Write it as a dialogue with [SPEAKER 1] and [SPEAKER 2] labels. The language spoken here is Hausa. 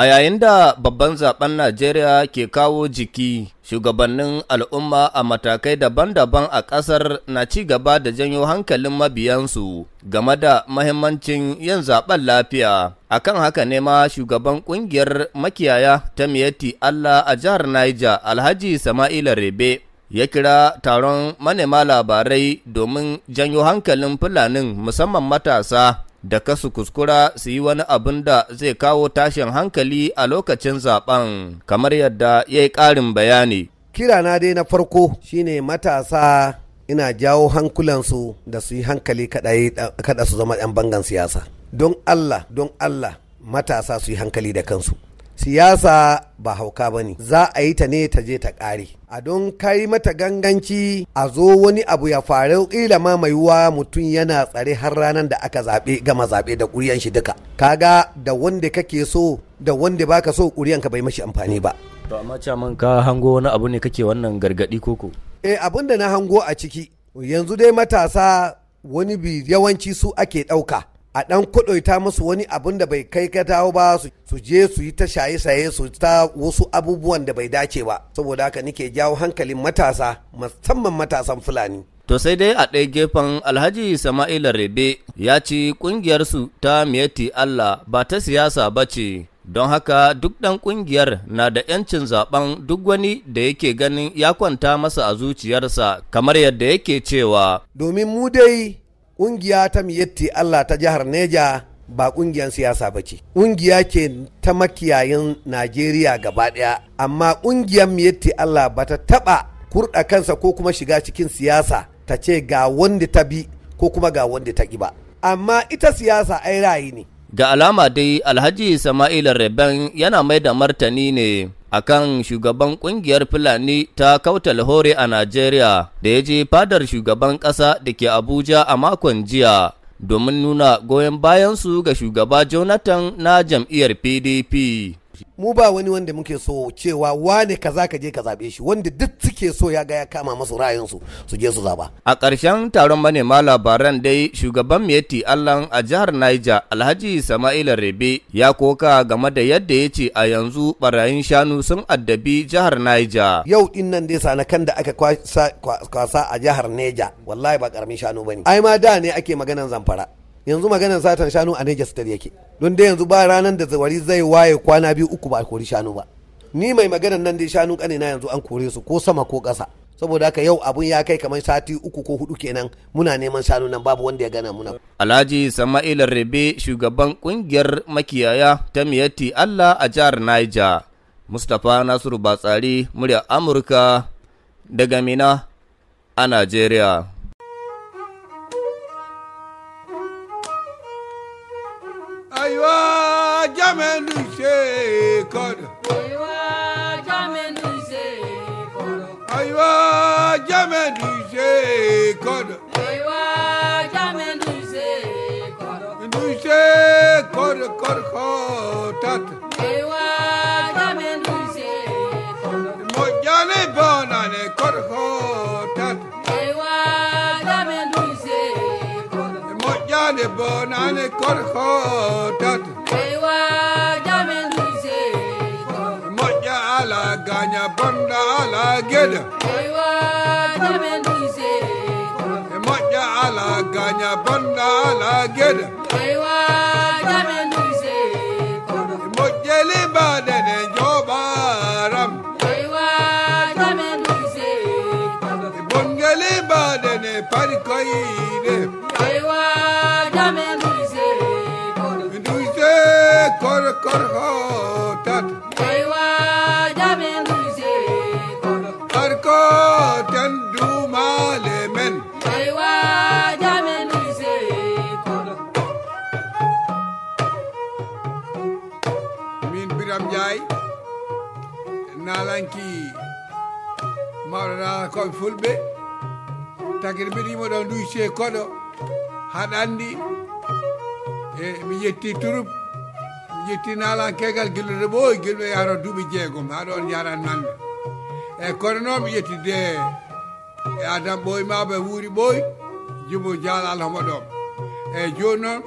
[SPEAKER 1] A yayin da babban zaben Najeriya ke kawo jiki, shugabannin al'umma a matakai daban-daban a ƙasar na ci gaba da janyo hankalin mabiyansu game da mahimmancin yin zaben lafiya. Akan haka ne ma shugaban ƙungiyar makiyaya ta miyati Allah a jihar Niger, Alhaji Sama'ila Rebe. ya kira taron manema labarai domin janyo hankalin fulanin musamman matasa da kasu kuskura su yi wani abin da zai kawo tashin hankali a lokacin zaben kamar yadda ya yi ƙarin bayani.
[SPEAKER 2] Kirana dai na farko shine matasa ina jawo hankulansu da su yi hankali kada su zama 'yan bangan siyasa. Don Allah, don Allah matasa su yi hankali da kansu. siyasa ba hauka ba ne za a yi ta ne ta je ta ƙare a don kai mata ganganci a zo wani abu ya faru ƙila ma mai yiwuwa mutum yana tsare har ranar da aka zaɓe gama zaɓe da ƙuriyan shi duka kaga da wanda kake so da wanda baka so ƙuriyan ka bai mashi amfani ba
[SPEAKER 1] to amma caman ka hango wani abu ne kake wannan gargaɗi koko
[SPEAKER 2] eh abin da na hango a ciki yanzu dai matasa wani bi yawanci su ake ɗauka a ɗan kuɗaita musu wani abin da bai kai ka dawo ba su je su yi ta shaye-shaye su ta wasu abubuwan da bai dace ba saboda haka nike jawo hankalin matasa musamman matasan fulani
[SPEAKER 1] To sai dai a ɗaya gefen Alhaji Sama'ila Rebe ya ci su ta miyati Allah ba ta siyasa ba ce, don haka duk ɗan ƙungiyar na da ‘yancin zaɓen duk wani da yake ganin ya kwanta masa a zuciyarsa kamar yadda yake cewa.
[SPEAKER 2] Domin mu dai ƙungiya ta miyatti Allah ta jihar Neja ba ƙungiyar siyasa ba ce. Ƙungiya ke ta makiyayin Najeriya gaba ɗaya, amma ƙungiyar miyatti Allah ba ta taɓa kurɗa kansa ko kuma shiga cikin siyasa ta ce ga wanda ta bi ko kuma ga wanda ta ƙi ba. Amma ita siyasa ai rayi ne,
[SPEAKER 1] Da alama dai Alhaji Sama'ila Reben yana mai da martani ne akan shugaban kungiyar Fulani ta kautal hore a Najeriya da ya je fadar shugaban ƙasa da ke Abuja a makon jiya domin nuna goyon bayansu ga shugaba Jonathan na jam'iyyar PDP.
[SPEAKER 2] mu ba wani wanda muke so cewa wane kaza ka je ka zaɓe shi wanda duk suke so ya ga ya kama masu ra'ayinsu su je su zaɓa
[SPEAKER 1] a ƙarshen taron manema labaran dai shugaban Miyetti Allan a jihar Niger Alhaji Sama'ila Rebe ya koka game da yadda ya ce a yanzu barayin shanu sun addabi jihar Niger
[SPEAKER 2] yau din nan dai kan da aka kwasa a jihar Niger wallahi ba ƙaramin shanu ne. ai ma da ne ake maganan zamfara yanzu maganar satan shanu a Niger State yake don dai yanzu ba ranar da zawari zai waye kwana biyu uku ba a kori shanu ba ni mai maganar nan dai shanu kane na yanzu an kore su ko sama ko ƙasa saboda haka yau abun ya kai kamar sati uku ko hudu kenan muna neman shanu nan babu wanda ya gana muna.
[SPEAKER 1] Alhaji Sama'ila Rebe shugaban kungiyar makiyaya ta miyati Allah a jihar Niger. Mustapha Nasiru Batsari murya Amurka daga Mina a nigeria.
[SPEAKER 3] korkotat mojane banane korkotat mojane banane korkotat moja ala ganya banda ala geda moja ala ganya banda ala nalanki mawlana koɓe fulɓe taguel venimos don Luis e koɗo haɗa anndi e eh, mi yetti turup mi yetti naalan kegal gillude ɓooy gilɗo yahata duuɓi jeegom haɗo on yaran nanga eyi eh, kono noon mi yettide e eh, adam ɓooy maaba wuuri ɓooy jumbo dial alhoma ɗom eyi jooni noon